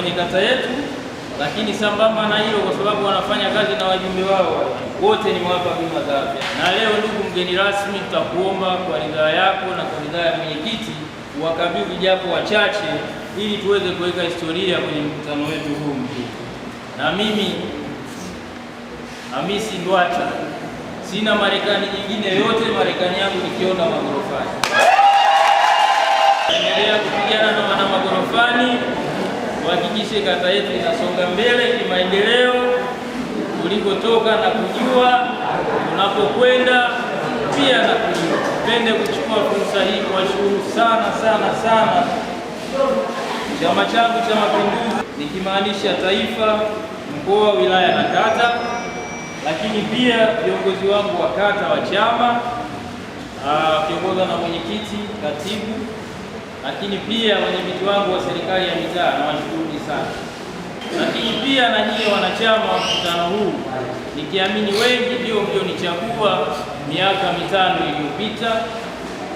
kwenye kata yetu, lakini sambamba na hilo, kwa sababu wanafanya kazi na wajumbe wao wote ni wapa bima za afya. Na leo, ndugu mgeni rasmi, tutakuomba kwa ridhaa yako na kwa ridhaa ya mwenyekiti uwakabidhi japo wachache ili tuweze kuweka historia kwenye mkutano wetu huu mkuu. Na mimi Hamisi Ndwata sina Marekani nyingine yote, Marekani yangu nikiona magorofani. Endelea kupigana na wana magorofani uhakikishe kata yetu inasonga mbele kimaendeleo kulikotoka na kujua unapokwenda pia na kujua. kuchukua fursa hii kuwashukuru sana sana sana chama changu cha Mapinduzi, nikimaanisha taifa, mkoa, wilaya na kata, lakini pia viongozi wangu wa kata wa chama akiongozwa na mwenyekiti, katibu lakini pia wenyeviti wangu wa serikali ya mitaa nawashukuruni sana, lakini pia na nyie wanachama wa mkutano huu, nikiamini wengi ndio mlionichagua miaka mitano iliyopita,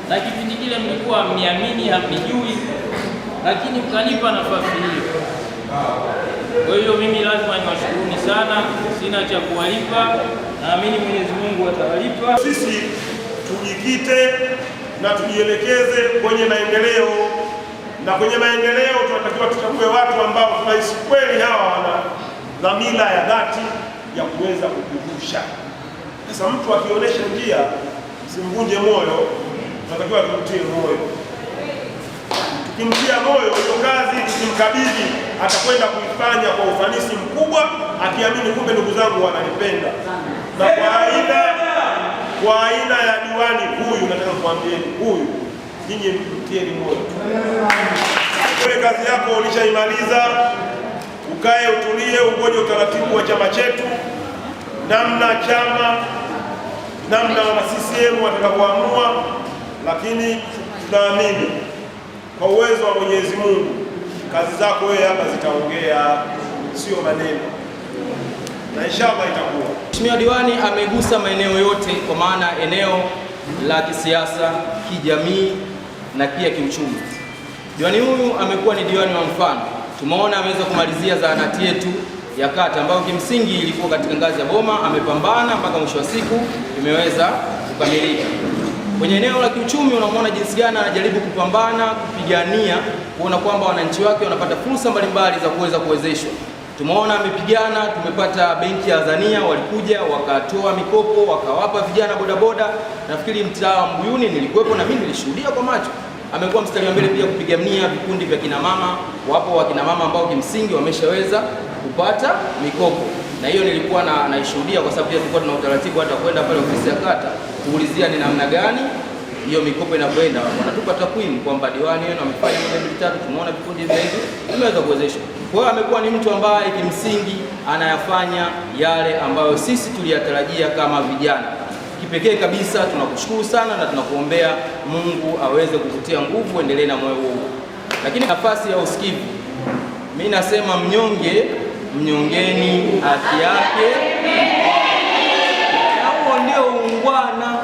na kipindi kile mlikuwa mniamini hamnijui, lakini mkanipa nafasi hiyo. Kwa hiyo mimi lazima niwashukuruni sana, sina cha kuwalipa, naamini Mwenyezi Mungu atawalipa. Sisi tujikite na tujielekeze kwenye maendeleo, na kwenye maendeleo tunatakiwa tuchague watu ambao tunahisi kweli hawa wana dhamira ya dhati ya kuweza kukuvusha. Sasa mtu akionyesha njia, simvunje moyo, tunatakiwa tumtie moyo. Tukimtia moyo, hiyo kazi tukimkabidhi, atakwenda kuifanya kwa ufanisi mkubwa, akiamini kumbe ndugu zangu wananipenda na kwa aina kwa aina ya diwani huyu, nataka kuambieni huyu, nyinyi mtieni moyo. kwa kazi yako ulishaimaliza, ukae utulie, ungoje utaratibu wa chama chetu, namna chama namna wana CCM watakapoamua, lakini tunaamini kwa uwezo wa Mwenyezi Mungu kazi zako wewe hapa zitaongea, sio maneno na inshallah itakuwa. Mheshimiwa diwani amegusa maeneo yote, kwa maana eneo la kisiasa, kijamii na pia kiuchumi. Diwani huyu amekuwa ni diwani wa mfano. Tumeona ameweza kumalizia zahanati yetu ya kata ambayo kimsingi ilikuwa katika ngazi ya boma, amepambana mpaka mwisho wa siku imeweza kukamilika. Kwenye eneo la kiuchumi, unamwona jinsi gani anajaribu kupambana, kupigania kuona kwamba wananchi wake wanapata fursa mbalimbali za kuweza kuwezeshwa. Tumeona amepigana, tumepata benki ya Azania walikuja wakatoa mikopo wakawapa vijana bodaboda. Nafikiri mtaa wa Mbuyuni nilikuwepo na mimi nilishuhudia kwa macho. Amekuwa mstari wa mbele pia kupigania vikundi vya kina mama. Wapo wa kina mama ambao kimsingi wameshaweza kupata mikopo, na hiyo nilikuwa na naishuhudia kwa sababu tulikuwa tuna utaratibu hata kwenda pale ofisi ya kata kuulizia ni namna gani hiyo mikopo inavyoenda. Wanatupa takwimu kwamba diwani wenu amefanya moja, mbili, tatu. Tumeona vikundi vingi hivi vimeweza kuwezeshwa. Kwa hiyo amekuwa ni mtu ambaye kimsingi anayafanya yale ambayo sisi tuliyatarajia kama vijana. Kipekee kabisa tunakushukuru sana na tunakuombea Mungu aweze kukutia nguvu, endelee na moyo huu. Lakini nafasi ya usikivu, mimi nasema mnyonge, mnyongeni haki yake, au ndio uungwana.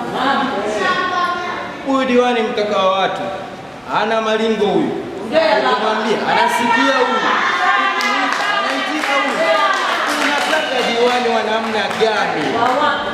Huyu diwani mkaka wa watu, ana malingo huyu, kumwambia anasikia namna gani?